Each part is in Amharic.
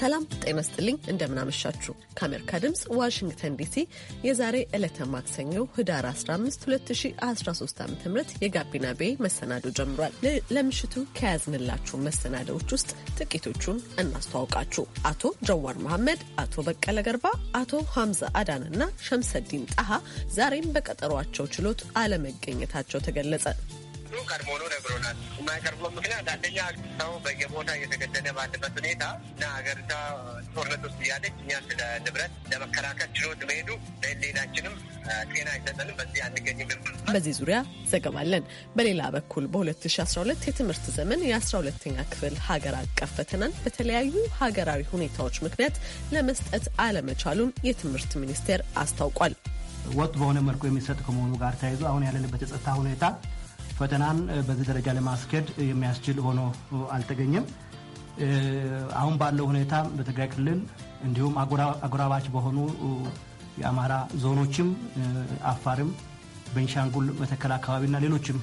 ሰላም ጤና ስጥልኝ፣ እንደምናመሻችሁ። ከአሜሪካ ድምፅ ዋሽንግተን ዲሲ የዛሬ ዕለተ ማክሰኞ ህዳር 15 2013 ዓ ም የጋቢና ቤ መሰናዶ ጀምሯል። ለምሽቱ ከያዝንላችሁ መሰናዶዎች ውስጥ ጥቂቶቹን እናስተዋውቃችሁ። አቶ ጀዋር መሐመድ፣ አቶ በቀለ ገርባ፣ አቶ ሐምዛ አዳንና ሸምሰዲን ጣሃ ዛሬም በቀጠሯቸው ችሎት አለመገኘታቸው ተገለጸ። ቀድሞ ነው ነግሮናል። የማይቀርበው ምክንያት አንደኛ ሰው በየቦታ እየተገደለ ባለበት ሁኔታ እና ሀገሪቷ ጦርነት ውስጥ እያለች እኛ ስለ ንብረት ለመከራከል ችሎት መሄዱ ለህሊናችንም ጤና አይሰጠንም። በዚህ ዙሪያ ዘገባለን። በሌላ በኩል በ2012 የትምህርት ዘመን የ12ኛ ክፍል ሀገር አቀፍ ፈተናን በተለያዩ ሀገራዊ ሁኔታዎች ምክንያት ለመስጠት አለመቻሉን የትምህርት ሚኒስቴር አስታውቋል። ወጥ በሆነ መልኩ የሚሰጥ ከመሆኑ ጋር ተያይዞ አሁን ያለንበት የጸጥታ ሁኔታ ፈተናን በዚህ ደረጃ ለማስኬድ የሚያስችል ሆኖ አልተገኘም። አሁን ባለው ሁኔታ በትግራይ ክልል እንዲሁም አጎራባች በሆኑ የአማራ ዞኖችም አፋርም፣ ቤንሻንጉል መተከል አካባቢና ሌሎችም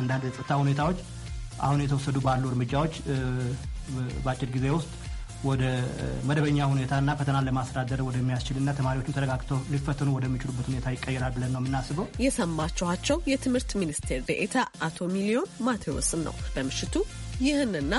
አንዳንድ የጸጥታ ሁኔታዎች አሁን የተወሰዱ ባሉ እርምጃዎች በአጭር ጊዜ ውስጥ ወደ መደበኛ ሁኔታና ፈተናን ለማስተዳደር ወደሚያስችልና ተማሪዎቹ ተረጋግተው ሊፈተኑ ወደሚችሉበት ሁኔታ ይቀየራል ብለን ነው የምናስበው። የሰማችኋቸው የትምህርት ሚኒስቴር ዴኤታ አቶ ሚሊዮን ማቴዎስን ነው በምሽቱ ይህንና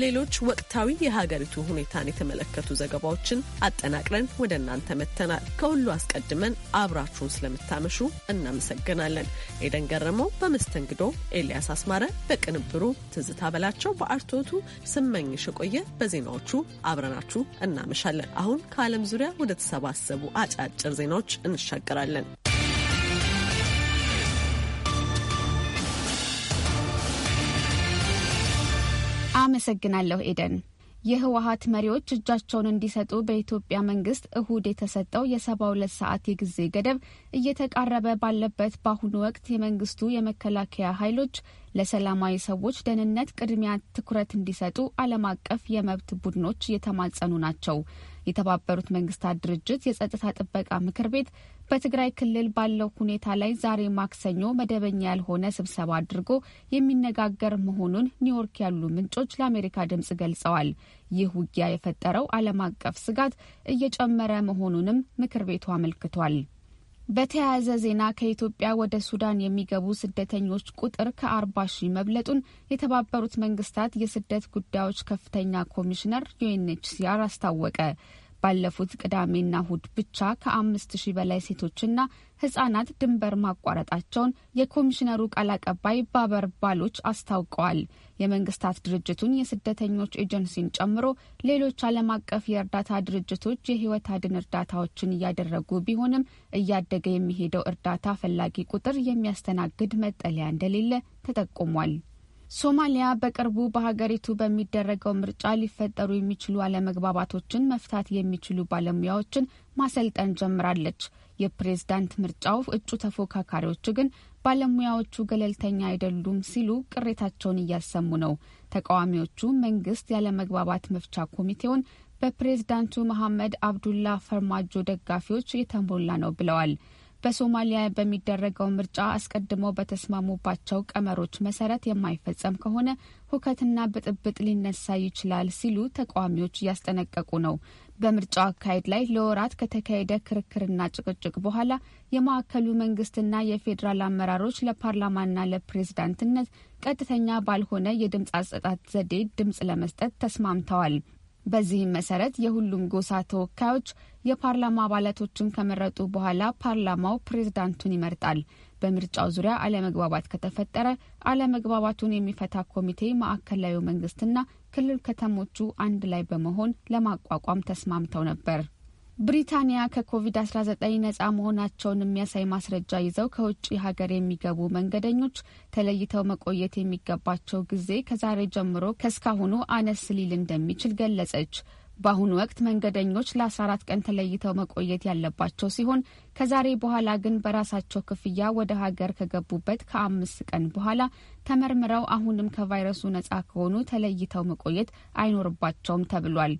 ሌሎች ወቅታዊ የሀገሪቱ ሁኔታን የተመለከቱ ዘገባዎችን አጠናቅረን ወደ እናንተ መጥተናል። ከሁሉ አስቀድመን አብራችሁን ስለምታመሹ እናመሰግናለን። ኤደን ገረመው በመስተንግዶ፣ ኤልያስ አስማረ በቅንብሩ፣ ትዝታ በላቸው በአርቶቱ፣ ስመኝሽ የቆየ በዜናዎቹ አብረናችሁ እናመሻለን። አሁን ከዓለም ዙሪያ ወደ ተሰባሰቡ አጫጭር ዜናዎች እንሻገራለን። አመሰግናለሁ ኤደን። የህወሀት መሪዎች እጃቸውን እንዲሰጡ በኢትዮጵያ መንግስት እሁድ የተሰጠው የሰባ ሁለት ሰዓት የጊዜ ገደብ እየተቃረበ ባለበት በአሁኑ ወቅት የመንግስቱ የመከላከያ ኃይሎች ለሰላማዊ ሰዎች ደህንነት ቅድሚያ ትኩረት እንዲሰጡ ዓለም አቀፍ የመብት ቡድኖች እየተማጸኑ ናቸው። የተባበሩት መንግስታት ድርጅት የጸጥታ ጥበቃ ምክር ቤት በትግራይ ክልል ባለው ሁኔታ ላይ ዛሬ ማክሰኞ መደበኛ ያልሆነ ስብሰባ አድርጎ የሚነጋገር መሆኑን ኒውዮርክ ያሉ ምንጮች ለአሜሪካ ድምጽ ገልጸዋል። ይህ ውጊያ የፈጠረው ዓለም አቀፍ ስጋት እየጨመረ መሆኑንም ምክር ቤቱ አመልክቷል። በተያያዘ ዜና ከኢትዮጵያ ወደ ሱዳን የሚገቡ ስደተኞች ቁጥር ከአርባ ሺህ መብለጡን የተባበሩት መንግስታት የስደት ጉዳዮች ከፍተኛ ኮሚሽነር ዩኤንኤችሲአር አስታወቀ። ባለፉት ቅዳሜና እሁድ ብቻ ከአምስት ሺህ በላይ ሴቶችና ህጻናት ድንበር ማቋረጣቸውን የኮሚሽነሩ ቃል አቀባይ ባበር ባሎች አስታውቀዋል። የመንግስታት ድርጅቱን የስደተኞች ኤጀንሲን ጨምሮ ሌሎች ዓለም አቀፍ የእርዳታ ድርጅቶች የህይወት አድን እርዳታዎችን እያደረጉ ቢሆንም እያደገ የሚሄደው እርዳታ ፈላጊ ቁጥር የሚያስተናግድ መጠለያ እንደሌለ ተጠቁሟል። ሶማሊያ በቅርቡ በሀገሪቱ በሚደረገው ምርጫ ሊፈጠሩ የሚችሉ አለመግባባቶችን መፍታት የሚችሉ ባለሙያዎችን ማሰልጠን ጀምራለች። የፕሬዝዳንት ምርጫው እጩ ተፎካካሪዎቹ ግን ባለሙያዎቹ ገለልተኛ አይደሉም ሲሉ ቅሬታቸውን እያሰሙ ነው። ተቃዋሚዎቹ መንግስት ያለመግባባት መፍቻ ኮሚቴውን በፕሬዝዳንቱ መሐመድ አብዱላ ፈርማጆ ደጋፊዎች የተሞላ ነው ብለዋል። በሶማሊያ በሚደረገው ምርጫ አስቀድሞ በተስማሙባቸው ቀመሮች መሰረት የማይፈጸም ከሆነ ሁከትና ብጥብጥ ሊነሳ ይችላል ሲሉ ተቃዋሚዎች እያስጠነቀቁ ነው። በምርጫው አካሄድ ላይ ለወራት ከተካሄደ ክርክርና ጭቅጭቅ በኋላ የማዕከሉ መንግስትና የፌዴራል አመራሮች ለፓርላማና ለፕሬዝዳንትነት ቀጥተኛ ባልሆነ የድምፅ አሰጣጥ ዘዴ ድምፅ ለመስጠት ተስማምተዋል። በዚህም መሰረት የሁሉም ጎሳ ተወካዮች የፓርላማ አባላቶችን ከመረጡ በኋላ ፓርላማው ፕሬዝዳንቱን ይመርጣል። በምርጫው ዙሪያ አለመግባባት ከተፈጠረ አለመግባባቱን የሚፈታ ኮሚቴ ማዕከላዊ መንግስትና ክልል ከተሞቹ አንድ ላይ በመሆን ለማቋቋም ተስማምተው ነበር። ብሪታንያ ከኮቪድ-19 ነጻ መሆናቸውን የሚያሳይ ማስረጃ ይዘው ከውጭ ሀገር የሚገቡ መንገደኞች ተለይተው መቆየት የሚገባቸው ጊዜ ከዛሬ ጀምሮ ከእስካሁኑ አነስ ሊል እንደሚችል ገለጸች። በአሁኑ ወቅት መንገደኞች ለ14 ቀን ተለይተው መቆየት ያለባቸው ሲሆን ከዛሬ በኋላ ግን በራሳቸው ክፍያ ወደ ሀገር ከገቡበት ከአምስት ቀን በኋላ ተመርምረው አሁንም ከቫይረሱ ነጻ ከሆኑ ተለይተው መቆየት አይኖርባቸውም ተብሏል።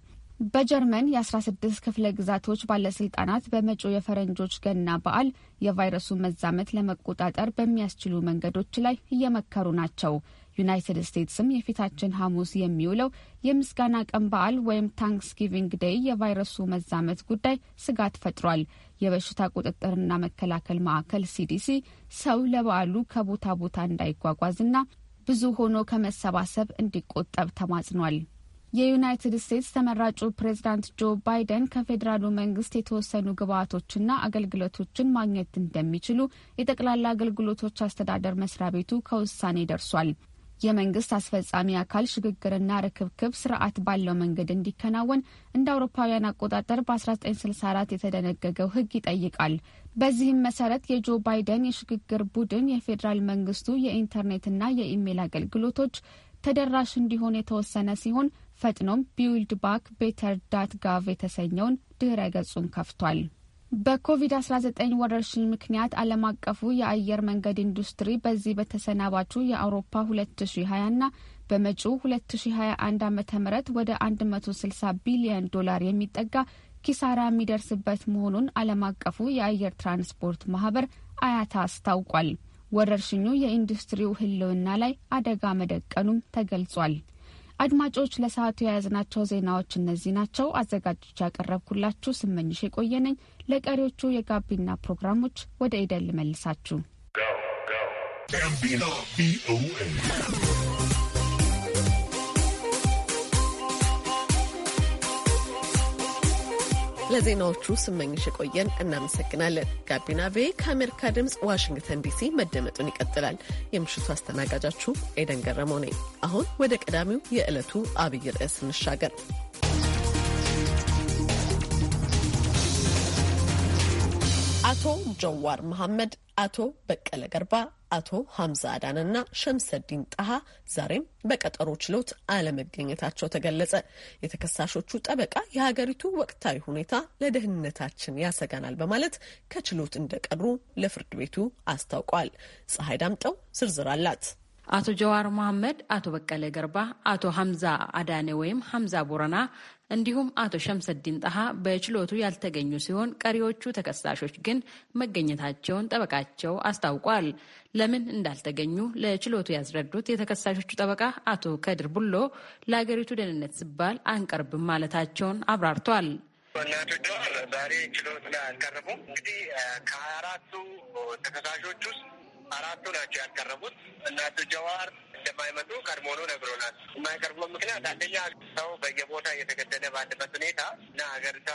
በጀርመን የ16 ክፍለ ግዛቶች ባለስልጣናት በመጪው የፈረንጆች ገና በዓል የቫይረሱን መዛመት ለመቆጣጠር በሚያስችሉ መንገዶች ላይ እየመከሩ ናቸው። ዩናይትድ ስቴትስም የፊታችን ሐሙስ የሚውለው የምስጋና ቀን በዓል ወይም ታንክስጊቪንግ ዴይ የቫይረሱ መዛመት ጉዳይ ስጋት ፈጥሯል። የበሽታ ቁጥጥርና መከላከል ማዕከል ሲዲሲ ሰው ለበዓሉ ከቦታ ቦታ እንዳይጓጓዝና ብዙ ሆኖ ከመሰባሰብ እንዲቆጠብ ተማጽኗል። የዩናይትድ ስቴትስ ተመራጩ ፕሬዚዳንት ጆ ባይደን ከፌዴራሉ መንግስት የተወሰኑ ግብአቶችና አገልግሎቶችን ማግኘት እንደሚችሉ የጠቅላላ አገልግሎቶች አስተዳደር መስሪያ ቤቱ ከውሳኔ ደርሷል። የመንግስት አስፈጻሚ አካል ሽግግርና ርክብክብ ስርዓት ባለው መንገድ እንዲከናወን እንደ አውሮፓውያን አቆጣጠር በ1964 የተደነገገው ህግ ይጠይቃል። በዚህም መሰረት የጆ ባይደን የሽግግር ቡድን የፌዴራል መንግስቱ የኢንተርኔትና የኢሜይል አገልግሎቶች ተደራሽ እንዲሆን የተወሰነ ሲሆን ፈጥኖም ቢውልድ ባክ ቤተር ዳት ጋቭ የተሰኘውን ድህረ ገጹን ከፍቷል። በኮቪድ-19 ወረርሽኝ ምክንያት ዓለም አቀፉ የአየር መንገድ ኢንዱስትሪ በዚህ በተሰናባቹ የአውሮፓ 2020ና በመጪው 2021 ዓ ም ወደ 160 ቢሊዮን ዶላር የሚጠጋ ኪሳራ የሚደርስበት መሆኑን ዓለም አቀፉ የአየር ትራንስፖርት ማህበር አያታ አስታውቋል። ወረርሽኙ የኢንዱስትሪው ህልውና ላይ አደጋ መደቀኑም ተገልጿል። አድማጮች ለሰዓቱ የያዝናቸው ዜናዎች እነዚህ ናቸው። አዘጋጆች ያቀረብኩላችሁ ስመኝሽ የቆየነኝ። ለቀሪዎቹ የጋቢና ፕሮግራሞች ወደ ኢደል ልመልሳችሁ። ለዜናዎቹ ስመኝሽ የቆየን እናመሰግናለን። ጋቢና ቬ ከአሜሪካ ድምፅ ዋሽንግተን ዲሲ መደመጡን ይቀጥላል። የምሽቱ አስተናጋጃችሁ ኤደን ገረመው ነኝ። አሁን ወደ ቀዳሚው የዕለቱ አብይ ርዕስ እንሻገር። አቶ ጀዋር መሐመድ አቶ በቀለ ገርባ አቶ ሀምዛ እና ሸምሰዲን ጣሀ ዛሬም በቀጠሮ ችሎት አለመገኘታቸው ተገለጸ። የተከሳሾቹ ጠበቃ የሀገሪቱ ወቅታዊ ሁኔታ ለደህንነታችን ያሰጋናል በማለት ከችሎት እንደቀሩ ለፍርድ ቤቱ አስታውቋል። ፀሐይ ዳምጠው ዝርዝር አላት። አቶ ጀዋር መሐመድ፣ አቶ በቀለ ገርባ፣ አቶ ሀምዛ አዳኔ ወይም ሀምዛ ቦረና እንዲሁም አቶ ሸምሰዲን ጠሃ በችሎቱ ያልተገኙ ሲሆን ቀሪዎቹ ተከሳሾች ግን መገኘታቸውን ጠበቃቸው አስታውቋል። ለምን እንዳልተገኙ ለችሎቱ ያስረዱት የተከሳሾቹ ጠበቃ አቶ ከድር ቡሎ ለአገሪቱ ደህንነት ሲባል አንቀርብም ማለታቸውን አብራርቷል። ዛሬ ችሎት ላይ አልቀረቡም። እንግዲህ ከአራቱ ተከሳሾች ውስጥ አራቱ ናቸው ያልቀረቡት እናቱ ጀዋር እንደማይመጡ ቀድሞውኑ ነግሮናል። የማይቀርቡበት ምክንያት አንደኛ ሰው በየቦታ እየተገደለ ባለበት ሁኔታ እና ሀገሪቷ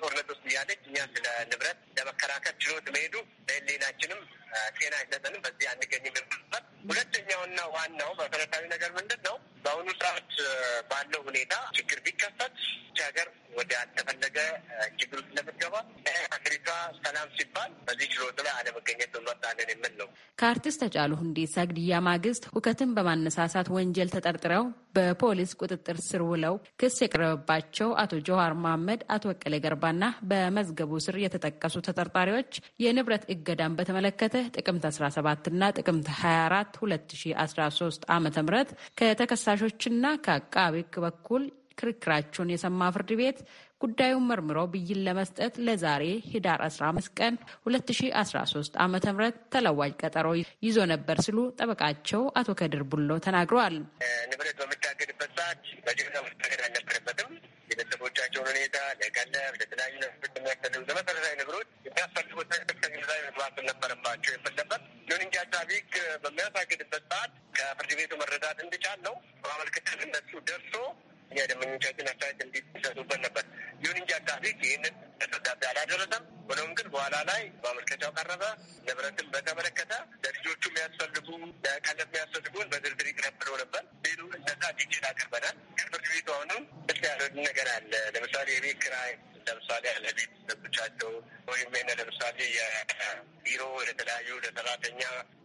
ጦርነት ውስጥ እያለች እኛ ስለ ንብረት ለመከራከር ችሎት መሄዱ ለህሊናችንም ጤና አይሰጠንም። በዚህ አንገኝም። ሁለተኛውና ዋናው መሰረታዊ ነገር ምንድን ነው? በአሁኑ ሰዓት ባለው ሁኔታ ችግር ቢከፈት ሀገር ወደ አልተፈለገ ችግር ውስጥ ለምትገባ አገሪቷ ሰላም ሲባል በዚህ ችሎት ላይ አለመገኘት እንወጣለን የምል ነው። ከአርቲስት ሃጫሉ ሁንዴሳ ግድያ ማግስት ሁከትን በማነሳሳት ወንጀል ተጠርጥረው በፖሊስ ቁጥጥር ስር ውለው ክስ የቀረበባቸው አቶ ጀዋር መሐመድ፣ አቶ በቀለ ገርባና በመዝገቡ ስር የተጠቀሱ ተጠርጣሪዎች የንብረት እገዳን በተመለከተ ጥቅምት 17ና ጥቅምት 24 2013 ዓ ም ከተከሳሾችና ከአቃቤ ሕግ በኩል ክርክራቸውን የሰማ ፍርድ ቤት ጉዳዩን መርምሮ ብይን ለመስጠት ለዛሬ ህዳር 15 ቀን 2013 ዓ ም ተለዋጭ ቀጠሮ ይዞ ነበር ሲሉ ጠበቃቸው አቶ ከድር ቡሎ ተናግረዋል። ንብረት በምታገድበት ሰዓት በጅምላ መታገድ አልነበረበትም። የቤተሰቦቻቸውን ሁኔታ ለቀለብ፣ ለተለያዩ ነገሮች የሚያስፈልጉ ለመሰረታዊ ነገሮች የሚያስፈልጉት ከሚዛ መግባት ነበረባቸው የፈለበት ይሁን እንጂ አቃቤ ህግ በሚያሳግድበት ሰዓት ከፍርድ ቤቱ መረዳት እንድቻለው ነው እነሱ ደርሶ እኛ ደንበኞቻችን አስተያየት እንዲሰጡበት ነበር። ይሁን እንጂ አቃቤ ይህንን ተሰዳቢ አላደረሰም። ሆኖም ግን በኋላ ላይ በአመልከቻው ቀረበ። ንብረትን በተመለከተ ለልጆቹ የሚያስፈልጉ ለቀለብ የሚያስፈልጉን በዝርዝር ይቅረብ ብሎ ነበር። ቤሉ እንደዛ ዲቴል አቅርበናል። ከፍርድ ቤቱ አሁንም ስ ያለ ነገር አለ። ለምሳሌ የቤት ኪራይ ለምሳሌ ለቤት ለብቻቸው ወይም ለምሳሌ የቢሮ ለተለያዩ ለሰራተኛ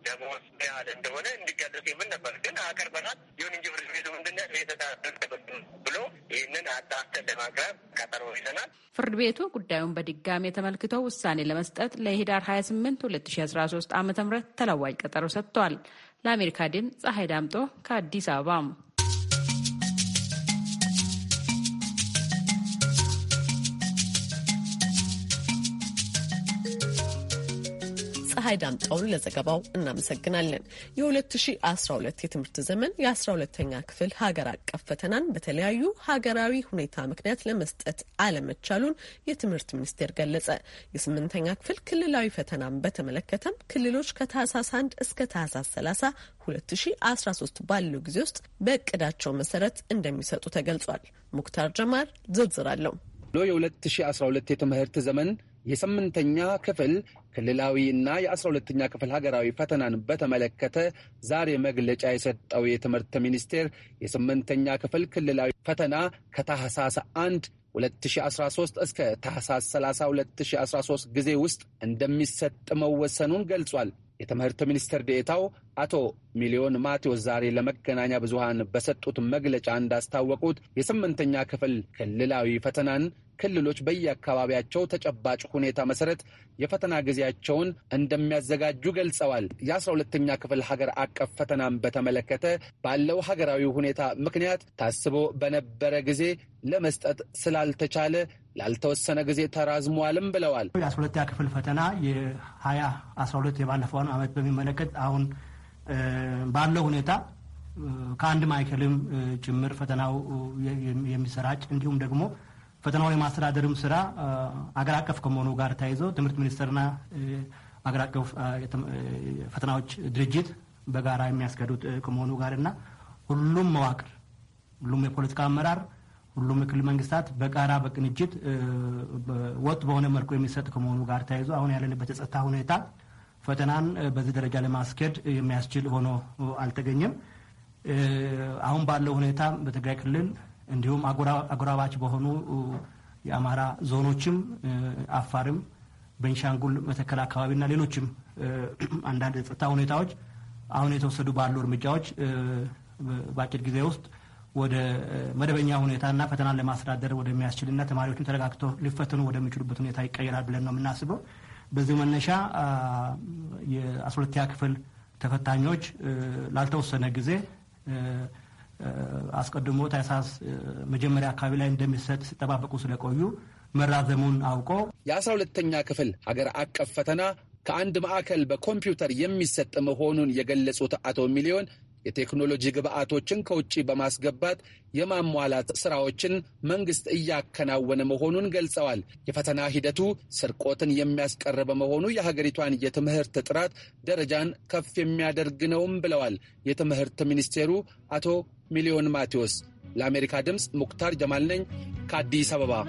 ደሞዝ ያህል እንደሆነ እንዲገለጽ የምን ነበር ግን አገር በናት ይሁን እንጂ ፍርድ ቤቱ ምንድነ የተታሰበብ ብሎ ይህንን አጣስተን ለማቅረብ ቀጠሮ ይዘናል። ፍርድ ቤቱ ጉዳዩን በድጋሚ የተመልክተው ውሳኔ ለመስጠት ለህዳር አስራ ሶስት አመተ ም ተለዋጭ ቀጠሮ ሰጥቷል። ለአሜሪካ ድምፅ ፀሐይ ዳምጦ ከአዲስ አበባ ፀሐይ ዳምጣውን ለዘገባው እናመሰግናለን። የ2012 የትምህርት ዘመን የ12ተኛ ክፍል ሀገር አቀፍ ፈተናን በተለያዩ ሀገራዊ ሁኔታ ምክንያት ለመስጠት አለመቻሉን የትምህርት ሚኒስቴር ገለጸ። የስምንተኛ ክፍል ክልላዊ ፈተናን በተመለከተም ክልሎች ከታህሳስ 1 እስከ ታህሳስ 30 2013 ባለው ጊዜ ውስጥ በእቅዳቸው መሰረት እንደሚሰጡ ተገልጿል። ሙክታር ጀማር ዝርዝር አለው። ሎ የ2012 የትምህርት ዘመን የስምንተኛ ክፍል ክልላዊ የ የአስራ ሁለተኛ ክፍል ሀገራዊ ፈተናን በተመለከተ ዛሬ መግለጫ የሰጠው የትምህርት ሚኒስቴር የስምንተኛ ክፍል ክልላዊ ፈተና ከታህሳስ 1 2013 እስከ ታህሳስ 30 2013 ጊዜ ውስጥ እንደሚሰጥ መወሰኑን ገልጿል። የትምህርት ሚኒስትር ዴኤታው አቶ ሚሊዮን ማቴዎስ ዛሬ ለመገናኛ ብዙሃን በሰጡት መግለጫ እንዳስታወቁት የስምንተኛ ክፍል ክልላዊ ፈተናን ክልሎች በየአካባቢያቸው ተጨባጭ ሁኔታ መሰረት የፈተና ጊዜያቸውን እንደሚያዘጋጁ ገልጸዋል። የአስራ ሁለተኛ ክፍል ሀገር አቀፍ ፈተናን በተመለከተ ባለው ሀገራዊ ሁኔታ ምክንያት ታስቦ በነበረ ጊዜ ለመስጠት ስላልተቻለ ላልተወሰነ ጊዜ ተራዝሟልም ብለዋል። የአስራ ሁለተኛ ክፍል ፈተና የሀያ አስራ ሁለት የባለፈውን ዓመት በሚመለከት አሁን ባለው ሁኔታ ከአንድ ማዕከልም ጭምር ፈተናው የሚሰራጭ እንዲሁም ደግሞ ፈተናው የማስተዳደርም ስራ አገር አቀፍ ከመሆኑ ጋር ተያይዞ ትምህርት ሚኒስቴርና አገር አቀፍ ፈተናዎች ድርጅት በጋራ የሚያስገዱት ከመሆኑ ጋር እና ሁሉም መዋቅር ሁሉም የፖለቲካ አመራር ሁሉም የክልል መንግስታት በጋራ በቅንጅት ወጥ በሆነ መልኩ የሚሰጥ ከመሆኑ ጋር ተያይዞ አሁን ያለንበት የጸጥታ ሁኔታ ፈተናን በዚህ ደረጃ ለማስኬድ የሚያስችል ሆኖ አልተገኘም። አሁን ባለው ሁኔታ በትግራይ ክልል እንዲሁም አጎራባች በሆኑ የአማራ ዞኖችም፣ አፋርም፣ በንሻንጉል መተከል አካባቢና ሌሎችም አንዳንድ የጸጥታ ሁኔታዎች አሁን የተወሰዱ ባሉ እርምጃዎች በአጭር ጊዜ ውስጥ ወደ መደበኛ ሁኔታና ፈተናን ለማስተዳደር ወደሚያስችልና ተማሪዎችም ተረጋግተው ሊፈተኑ ወደሚችሉበት ሁኔታ ይቀየራል ብለን ነው የምናስበው። በዚህ መነሻ የአስሁለተኛ ክፍል ተፈታኞች ላልተወሰነ ጊዜ አስቀድሞ ታህሳስ መጀመሪያ አካባቢ ላይ እንደሚሰጥ ሲጠባበቁ ስለቆዩ መራዘሙን አውቆ የአስራ ሁለተኛ ክፍል ሀገር አቀፍ ፈተና ከአንድ ማዕከል በኮምፒውተር የሚሰጥ መሆኑን የገለጹት አቶ ሚሊዮን የቴክኖሎጂ ግብዓቶችን ከውጭ በማስገባት የማሟላት ስራዎችን መንግስት እያከናወነ መሆኑን ገልጸዋል። የፈተና ሂደቱ ስርቆትን የሚያስቀር በመሆኑ የሀገሪቷን የትምህርት ጥራት ደረጃን ከፍ የሚያደርግ ነውም ብለዋል። የትምህርት ሚኒስቴሩ አቶ ሚሊዮን ማቴዎስ። ለአሜሪካ ድምፅ ሙክታር ጀማል ነኝ ከአዲስ አበባ።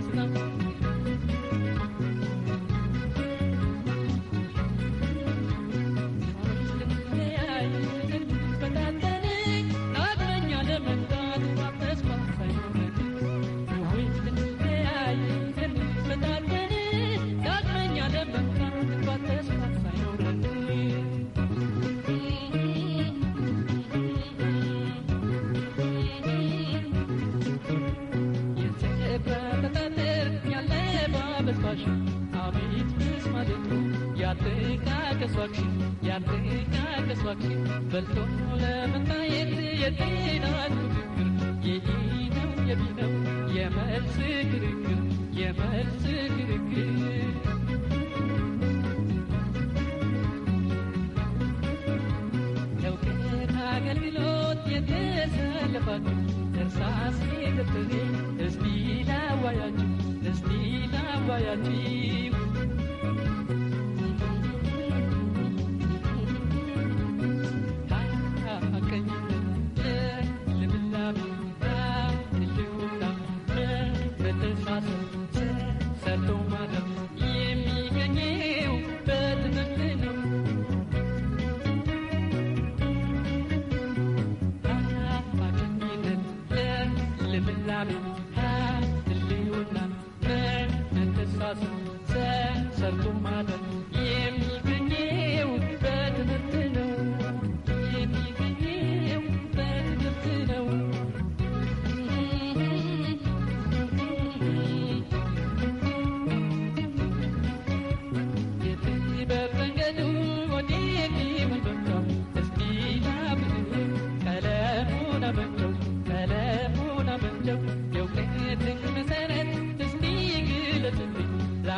です Let's be the voyage, let's be the voyage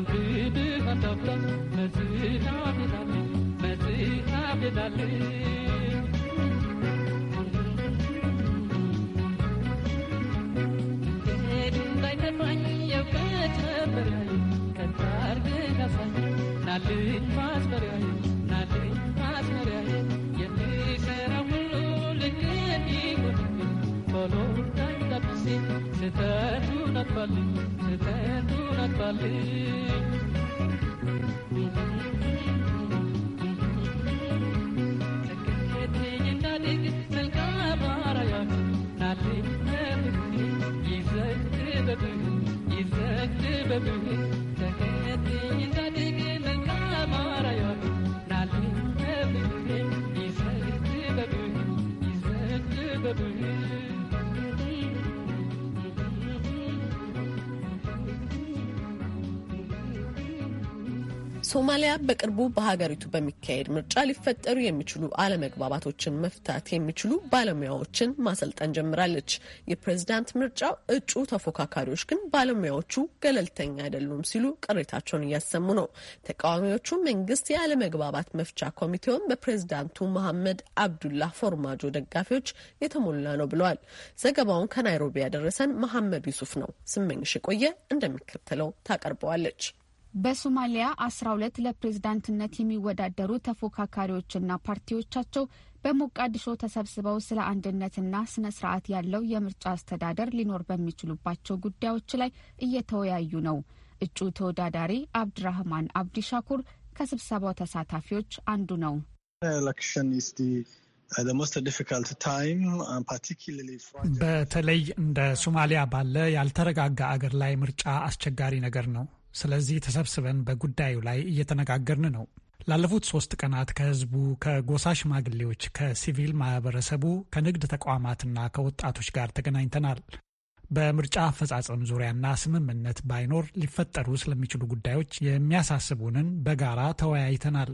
plus de 20 ans ሶማሊያ በቅርቡ በሀገሪቱ በሚካሄድ ምርጫ ሊፈጠሩ የሚችሉ አለመግባባቶችን መፍታት የሚችሉ ባለሙያዎችን ማሰልጠን ጀምራለች። የፕሬዝዳንት ምርጫው እጩ ተፎካካሪዎች ግን ባለሙያዎቹ ገለልተኛ አይደሉም ሲሉ ቅሬታቸውን እያሰሙ ነው። ተቃዋሚዎቹ መንግስት የአለመግባባት መፍቻ ኮሚቴውን በፕሬዝዳንቱ መሐመድ አብዱላህ ፎርማጆ ደጋፊዎች የተሞላ ነው ብለዋል። ዘገባውን ከናይሮቢ ያደረሰን መሐመድ ዩሱፍ ነው። ስመኝሽ የቆየ እንደሚከተለው ታቀርበዋለች። በሶማሊያ አስራ ሁለት ለፕሬዝዳንትነት የሚወዳደሩ ተፎካካሪዎችና ፓርቲዎቻቸው በሞቃዲሾ ተሰብስበው ስለ አንድነትና ስነ ስርዓት ያለው የምርጫ አስተዳደር ሊኖር በሚችሉባቸው ጉዳዮች ላይ እየተወያዩ ነው። እጩ ተወዳዳሪ አብድራህማን አብዲ ሻኩር ከስብሰባው ተሳታፊዎች አንዱ ነው። uh, uh, በተለይ እንደ ሶማሊያ ባለ ያልተረጋጋ አገር ላይ ምርጫ አስቸጋሪ ነገር ነው። ስለዚህ ተሰብስበን በጉዳዩ ላይ እየተነጋገርን ነው። ላለፉት ሶስት ቀናት ከህዝቡ፣ ከጎሳ ሽማግሌዎች፣ ከሲቪል ማህበረሰቡ፣ ከንግድ ተቋማትና ከወጣቶች ጋር ተገናኝተናል። በምርጫ አፈጻጸም ዙሪያና ስምምነት ባይኖር ሊፈጠሩ ስለሚችሉ ጉዳዮች የሚያሳስቡንን በጋራ ተወያይተናል።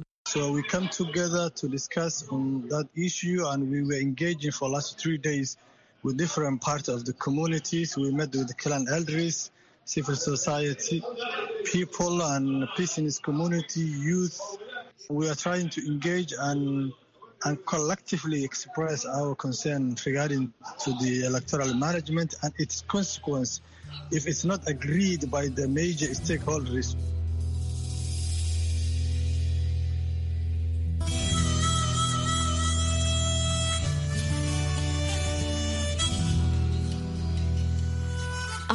civil society, people and peace in its community, youth. We are trying to engage and and collectively express our concern regarding to the electoral management and its consequence if it's not agreed by the major stakeholders.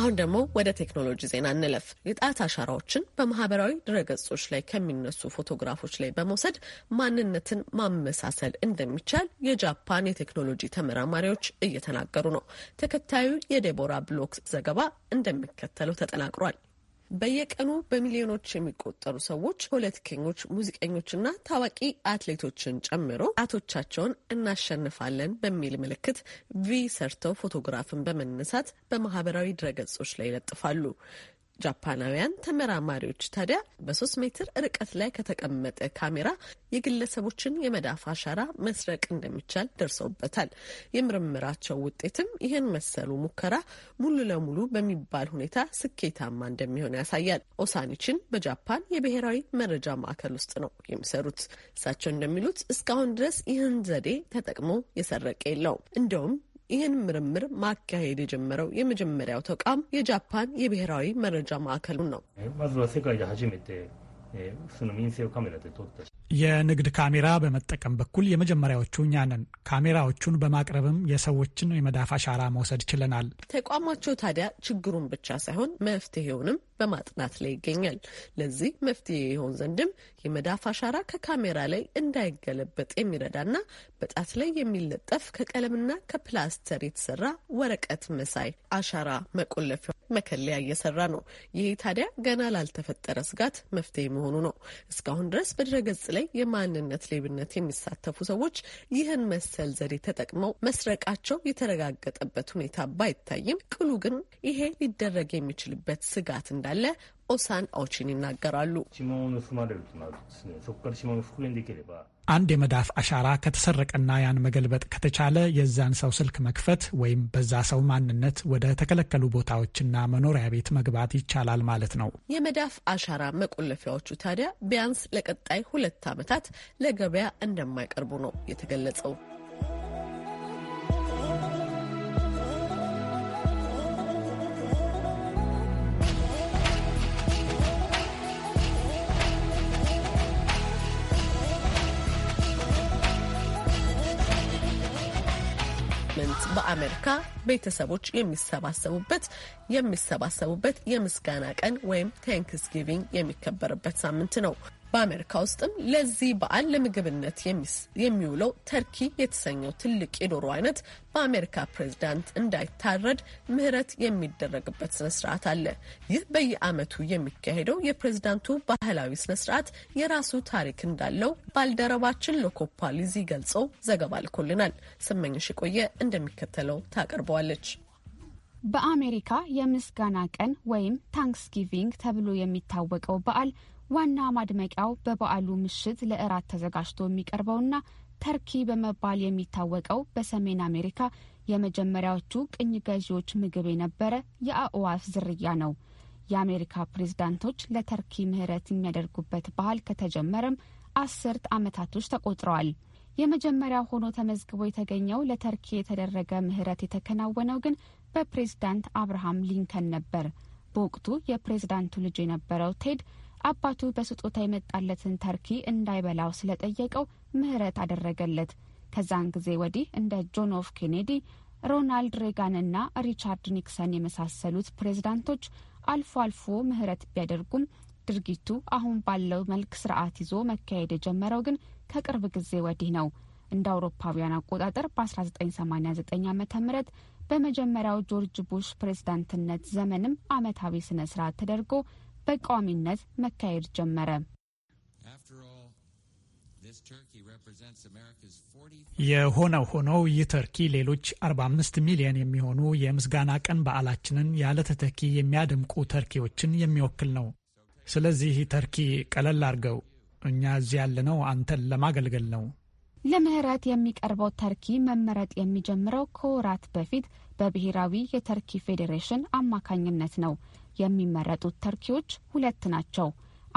አሁን ደግሞ ወደ ቴክኖሎጂ ዜና እንለፍ። የጣት አሻራዎችን በማህበራዊ ድረገጾች ላይ ከሚነሱ ፎቶግራፎች ላይ በመውሰድ ማንነትን ማመሳሰል እንደሚቻል የጃፓን የቴክኖሎጂ ተመራማሪዎች እየተናገሩ ነው። ተከታዩ የዴቦራ ብሎክ ዘገባ እንደሚከተለው ተጠናቅሯል። በየቀኑ በሚሊዮኖች የሚቆጠሩ ሰዎች ፖለቲከኞች፣ ሙዚቀኞችና ታዋቂ አትሌቶችን ጨምሮ ጣቶቻቸውን እናሸንፋለን በሚል ምልክት ቪ ሰርተው ፎቶግራፍን በመነሳት በማህበራዊ ድረገጾች ላይ ይለጥፋሉ። ጃፓናውያን ተመራማሪዎች ታዲያ በሶስት ሜትር ርቀት ላይ ከተቀመጠ ካሜራ የግለሰቦችን የመዳፍ አሻራ መስረቅ እንደሚቻል ደርሰውበታል። የምርምራቸው ውጤትም ይህን መሰሉ ሙከራ ሙሉ ለሙሉ በሚባል ሁኔታ ስኬታማ እንደሚሆን ያሳያል። ኦሳኒችን በጃፓን የብሔራዊ መረጃ ማዕከል ውስጥ ነው የሚሰሩት። እሳቸው እንደሚሉት እስካሁን ድረስ ይህን ዘዴ ተጠቅሞ የሰረቀ የለውም። እንደውም ይህን ምርምር ማካሄድ የጀመረው የመጀመሪያው ተቋም የጃፓን የብሔራዊ መረጃ ማዕከሉ ነው። የንግድ ካሜራ በመጠቀም በኩል የመጀመሪያዎቹ እኛ ነን። ካሜራዎቹን በማቅረብም የሰዎችን የመዳፍ አሻራ መውሰድ ችለናል። ተቋማቸው ታዲያ ችግሩን ብቻ ሳይሆን መፍትሄውንም በማጥናት ላይ ይገኛል። ለዚህ መፍትሄ ይሆን ዘንድም የመዳፍ አሻራ ከካሜራ ላይ እንዳይገለበጥ የሚረዳና በጣት ላይ የሚለጠፍ ከቀለምና ከፕላስተር የተሰራ ወረቀት መሳይ አሻራ መቆለፊያ መከለያ እየሰራ ነው። ይህ ታዲያ ገና ላልተፈጠረ ስጋት መፍትሄ መሆኑ ነው። እስካሁን ድረስ በድረገጽ በተለይ የማንነት ሌብነት የሚሳተፉ ሰዎች ይህን መሰል ዘዴ ተጠቅመው መስረቃቸው የተረጋገጠበት ሁኔታ ባይታይም ቅሉ ግን ይሄ ሊደረግ የሚችልበት ስጋት እንዳለ ኦሳን አውቺን ይናገራሉ። አንድ የመዳፍ አሻራ ከተሰረቀና ያን መገልበጥ ከተቻለ የዛን ሰው ስልክ መክፈት ወይም በዛ ሰው ማንነት ወደ ተከለከሉ ቦታዎችና መኖሪያ ቤት መግባት ይቻላል ማለት ነው። የመዳፍ አሻራ መቆለፊያዎቹ ታዲያ ቢያንስ ለቀጣይ ሁለት ዓመታት ለገበያ እንደማይቀርቡ ነው የተገለጸው። ቤተሰቦች የሚሰባሰቡበት የሚሰባሰቡበት የምስጋና ቀን ወይም ታንክስጊቪንግ የሚከበርበት ሳምንት ነው። በአሜሪካ ውስጥም ለዚህ በዓል ለምግብነት የሚውለው ተርኪ የተሰኘው ትልቅ የዶሮ አይነት በአሜሪካ ፕሬዝዳንት እንዳይታረድ ምህረት የሚደረግበት ስነስርዓት አለ። ይህ በየዓመቱ የሚካሄደው የፕሬዝዳንቱ ባህላዊ ስነስርዓት የራሱ ታሪክ እንዳለው ባልደረባችን ለኮፓ ሊዚ ገልጸው ዘገባ ልኮልናል። ስመኝሽ የቆየ እንደሚከተለው ታቀርበዋለች። በአሜሪካ የምስጋና ቀን ወይም ታንክስጊቪንግ ተብሎ የሚታወቀው በዓል ዋና ማድመቂያው በበዓሉ ምሽት ለእራት ተዘጋጅቶ የሚቀርበውና ተርኪ በመባል የሚታወቀው በሰሜን አሜሪካ የመጀመሪያዎቹ ቅኝ ገዢዎች ምግብ የነበረ የአዕዋፍ ዝርያ ነው። የአሜሪካ ፕሬዝዳንቶች ለተርኪ ምህረት የሚያደርጉበት ባህል ከተጀመረም አስርት ዓመታቶች ተቆጥረዋል። የመጀመሪያ ሆኖ ተመዝግቦ የተገኘው ለተርኪ የተደረገ ምህረት የተከናወነው ግን በፕሬዝዳንት አብርሃም ሊንከን ነበር። በወቅቱ የፕሬዝዳንቱ ልጅ የነበረው ቴድ አባቱ በስጦታ የመጣለትን ተርኪ እንዳይበላው ስለጠየቀው ምህረት አደረገለት። ከዛን ጊዜ ወዲህ እንደ ጆን ኤፍ ኬኔዲ፣ ሮናልድ ሬጋንና ሪቻርድ ኒክሰን የመሳሰሉት ፕሬዝዳንቶች አልፎ አልፎ ምህረት ቢያደርጉም ድርጊቱ አሁን ባለው መልክ ስርዓት ይዞ መካሄድ የጀመረው ግን ከቅርብ ጊዜ ወዲህ ነው። እንደ አውሮፓውያን አቆጣጠር በ1989 ዓ ም በመጀመሪያው ጆርጅ ቡሽ ፕሬዝዳንትነት ዘመንም አመታዊ ስነ ስርዓት ተደርጎ በቋሚነት መካሄድ ጀመረ። የሆነው ሆኖ ይህ ተርኪ ሌሎች 45 ሚሊዮን የሚሆኑ የምስጋና ቀን በዓላችንን ያለ ተተኪ የሚያደምቁ ተርኪዎችን የሚወክል ነው። ስለዚህ ተርኪ ቀለል አድርገው እኛ እዚህ ያለነው አንተን ለማገልገል ነው። ለምህረት የሚቀርበው ተርኪ መመረጥ የሚጀምረው ከወራት በፊት በብሔራዊ የተርኪ ፌዴሬሽን አማካኝነት ነው። የሚመረጡት ተርኪዎች ሁለት ናቸው።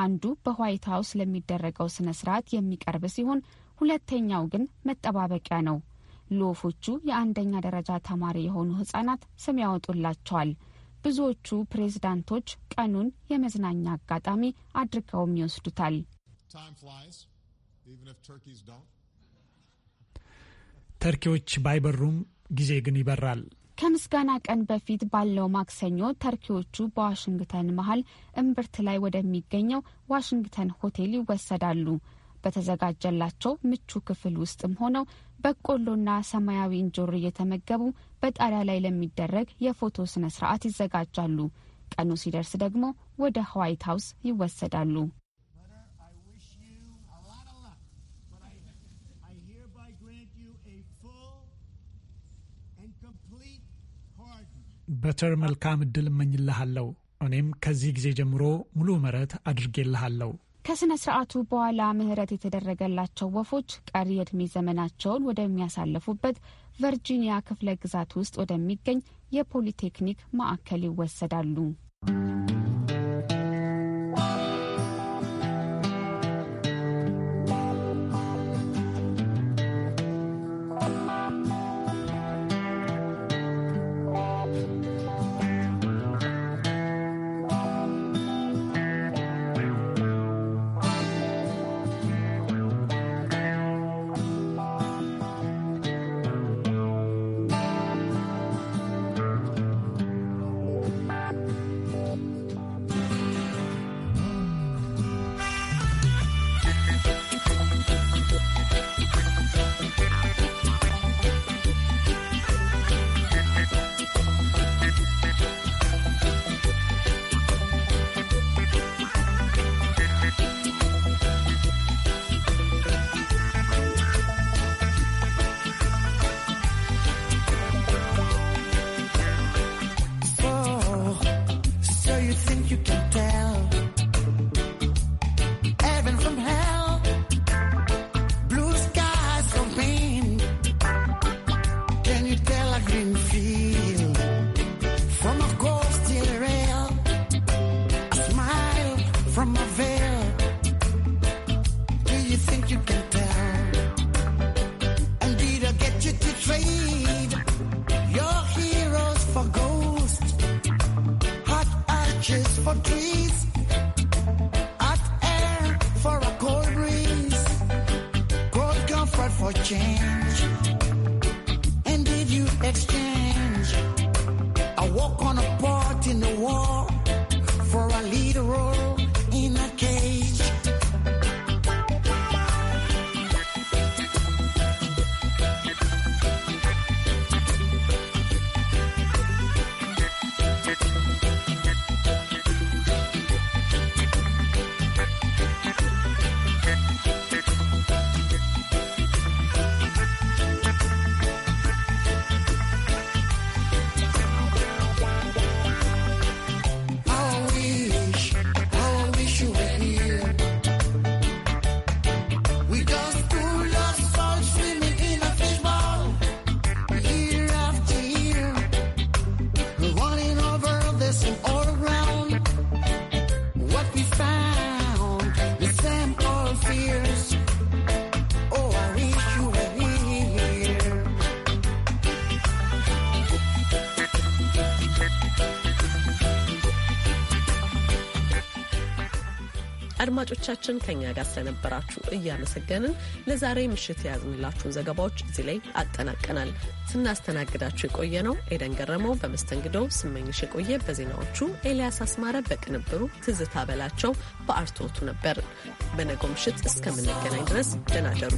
አንዱ በዋይት ሀውስ ለሚደረገው ስነ ስርዓት የሚቀርብ ሲሆን ሁለተኛው ግን መጠባበቂያ ነው። ልወፎቹ የአንደኛ ደረጃ ተማሪ የሆኑ ህጻናት ስም ያወጡላቸዋል። ብዙዎቹ ፕሬዝዳንቶች ቀኑን የመዝናኛ አጋጣሚ አድርገውም ይወስዱታል። ተርኪዎች ባይበሩም ጊዜ ግን ይበራል። ከምስጋና ቀን በፊት ባለው ማክሰኞ ተርኪዎቹ በዋሽንግተን መሀል እምብርት ላይ ወደሚገኘው ዋሽንግተን ሆቴል ይወሰዳሉ። በተዘጋጀላቸው ምቹ ክፍል ውስጥም ሆነው በቆሎና ሰማያዊ እንጆሪ እየተመገቡ በጣሪያ ላይ ለሚደረግ የፎቶ ስነ ስርዓት ይዘጋጃሉ። ቀኑ ሲደርስ ደግሞ ወደ ዋይት ሀውስ ይወሰዳሉ። በተር መልካም እድል እመኝልሃለሁ። እኔም ከዚህ ጊዜ ጀምሮ ሙሉ ምሕረት አድርጌልሃለሁ። ከሥነ ሥርዓቱ በኋላ ምሕረት የተደረገላቸው ወፎች ቀሪ የዕድሜ ዘመናቸውን ወደሚያሳልፉበት ቨርጂኒያ ክፍለ ግዛት ውስጥ ወደሚገኝ የፖሊቴክኒክ ማዕከል ይወሰዳሉ። for trees, hot air for a cold breeze, cold comfort for change. አድማጮቻችን ከኛ ጋር ስለነበራችሁ እያመሰገንን ለዛሬ ምሽት የያዝንላችሁን ዘገባዎች እዚህ ላይ አጠናቀናል። ስናስተናግዳችሁ የቆየ ነው ኤደን ገረመው፣ በመስተንግዶ ስመኝሽ የቆየ፣ በዜናዎቹ ኤልያስ አስማረ፣ በቅንብሩ ትዝታ በላቸው፣ በአርቶቱ ነበር። በነገው ምሽት እስከምንገናኝ ድረስ ደናደሩ!